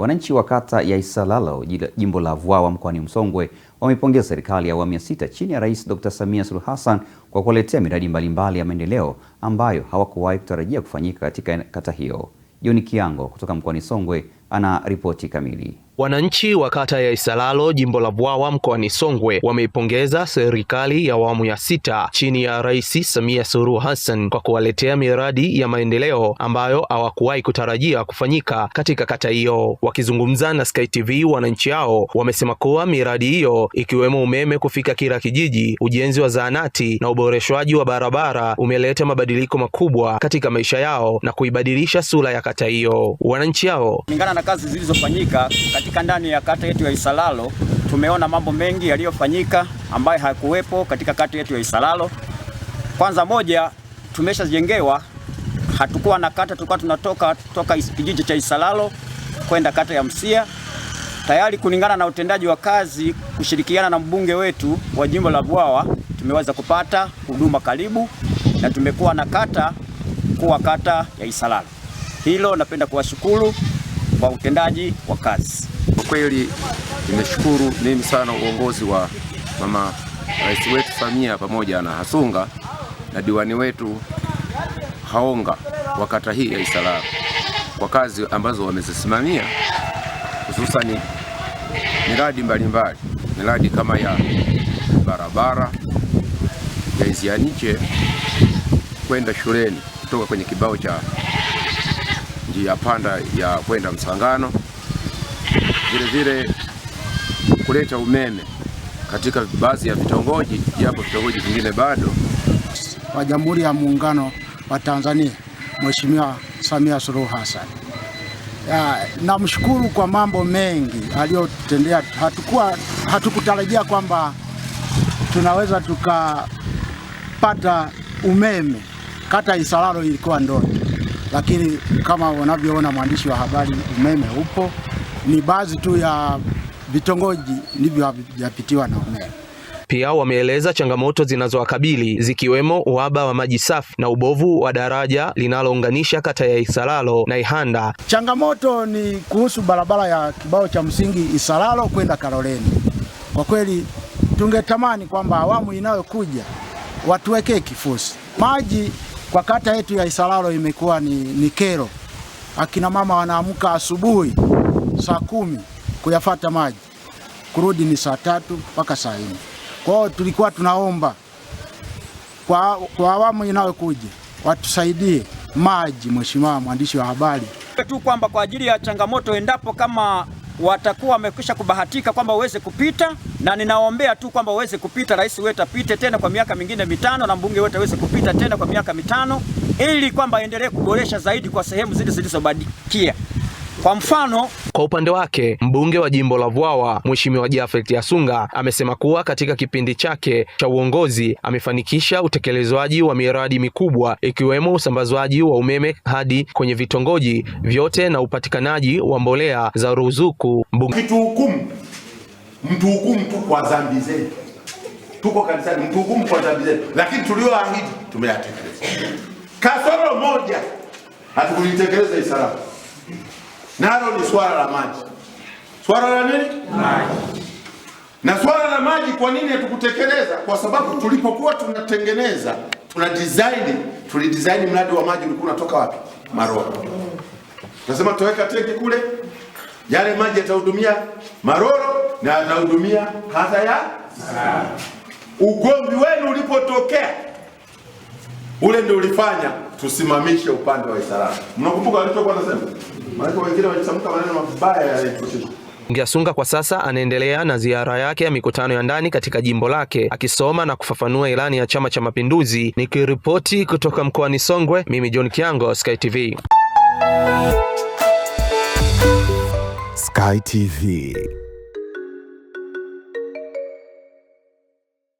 Wananchi wa kata ya Isalalo jimbo la Vwawa mkoani Msongwe wamepongeza serikali ya awamu ya sita chini ya Rais Dr. Samia Suluhu Hassan kwa kuwaletea miradi mbalimbali ya maendeleo ambayo hawakuwahi kutarajia kufanyika katika kata hiyo. John Kiango kutoka mkoani Songwe ana ripoti kamili. Wananchi wa kata ya Isalalo jimbo la Vwawa mkoani Songwe wameipongeza serikali ya awamu ya sita chini ya Rais Samia Suluhu Hassan kwa kuwaletea miradi ya maendeleo ambayo hawakuwahi kutarajia kufanyika katika kata hiyo. Wakizungumza na Sky TV, wananchi hao wamesema kuwa miradi hiyo ikiwemo umeme kufika kila kijiji, ujenzi wa zahanati na uboreshwaji wa barabara umeleta mabadiliko makubwa katika maisha yao na kuibadilisha sura ya kata hiyo. Wananchi hao kulingana na kazi zilizofanyika katika ndani ya kata yetu ya Isalalo tumeona mambo mengi yaliyofanyika ambayo hayakuwepo katika kata yetu ya Isalalo. Kwanza moja, tumeshajengewa hatukuwa na kata, tulikuwa tunatoka toka kijiji cha Isalalo kwenda kata ya Msia tayari kulingana na utendaji wa kazi kushirikiana na mbunge wetu wa jimbo la Bwawa tumeweza kupata huduma karibu na tumekuwa na kata kuwa kata ya Isalalo. Hilo napenda kuwashukuru kwa utendaji wa kazi. Kwa kweli nimeshukuru mimi sana uongozi wa mama rais wetu Samia pamoja na Hasunga na diwani wetu Haonga wa kata hii ya islamu kwa kazi ambazo wamezisimamia hususani miradi mbalimbali, miradi kama ya barabara ya Izianiche kwenda shuleni kutoka kwenye kibao cha njia panda ya kwenda Msangano vile kuleta umeme katika baadhi ya vitongoji, japo vitongoji vingine bado. Wa Jamhuri ya Muungano wa Tanzania, Mheshimiwa Samia Suluhu Hassan, namshukuru kwa mambo mengi aliyotendea Hatukuwa hatukutarajia kwamba tunaweza tukapata umeme kata Isalalo, ilikuwa ndoto, lakini kama wanavyoona mwandishi wa habari, umeme upo ni baadhi tu ya vitongoji ndivyo havijapitiwa na umeme. Pia wameeleza changamoto zinazowakabili zikiwemo uhaba wa maji safi na ubovu wa daraja linalounganisha kata ya Isalalo na Ihanda. Changamoto ni kuhusu barabara ya kibao cha msingi Isalalo kwenda Kaloleni. Kwa kweli tungetamani kwamba awamu inayokuja watuwekee kifusi. Maji kwa kata yetu ya Isalalo imekuwa ni, ni kero. Akina mama wanaamka asubuhi saa kumi kuyafata maji, kurudi ni saa tatu mpaka saa nne. Kwa hiyo tulikuwa tunaomba kwa, kwa awamu inayokuja watusaidie maji. Mheshimiwa mwandishi wa habari tu kwamba kwa ajili ya changamoto endapo kama watakuwa wamekwisha kubahatika kwamba uweze kupita, na ninaombea tu kwamba uweze kupita, rais wetu apite tena kwa miaka mingine mitano na mbunge wetu aweze kupita tena kwa miaka mitano, ili kwamba aendelee kuboresha zaidi kwa sehemu zile zilizobakia. Kwa mfano, kwa upande wake mbunge wa jimbo la Vwawa Mheshimiwa Jafet yasunga amesema kuwa katika kipindi chake cha uongozi amefanikisha utekelezwaji wa miradi mikubwa ikiwemo usambazwaji wa umeme hadi kwenye vitongoji vyote na upatikanaji wa mbolea za ruzuku. Mtuhukumu, mtuhukumu tu kwa dhambi zetu, tuko kanisani, mtuhukumu kwa dhambi zetu, lakini tulioahidi tumeyatekeleza. Kasoro moja hatukulitekeleza Isalama nalo ni swala la maji. Swala la nini? Maji. Na swala la maji kwa nini hatukutekeleza? Kwa sababu tulipokuwa tunatengeneza, tuna design, tuli design mradi wa maji ulikuwa unatoka wapi? Maroro. Tunasema tutaweka tenki kule, yale maji yatahudumia Maroro na yatahudumia kata ya Sara. Ugomvi wenu ulipotokea ule ndio ulifanya tusimamishe upande wa Islami. Mnakumbuka alichokuwa anasema? Maana wengine walitamka maneno mabaya yaliyotushika. Ngiasunga kwa sasa anaendelea na ziara yake ya mikutano ya ndani katika jimbo lake akisoma na kufafanua ilani ya Chama cha Mapinduzi. Nikiripoti kutoka mkoani Songwe, mimi John Kiango, Sky TV. Sky TV.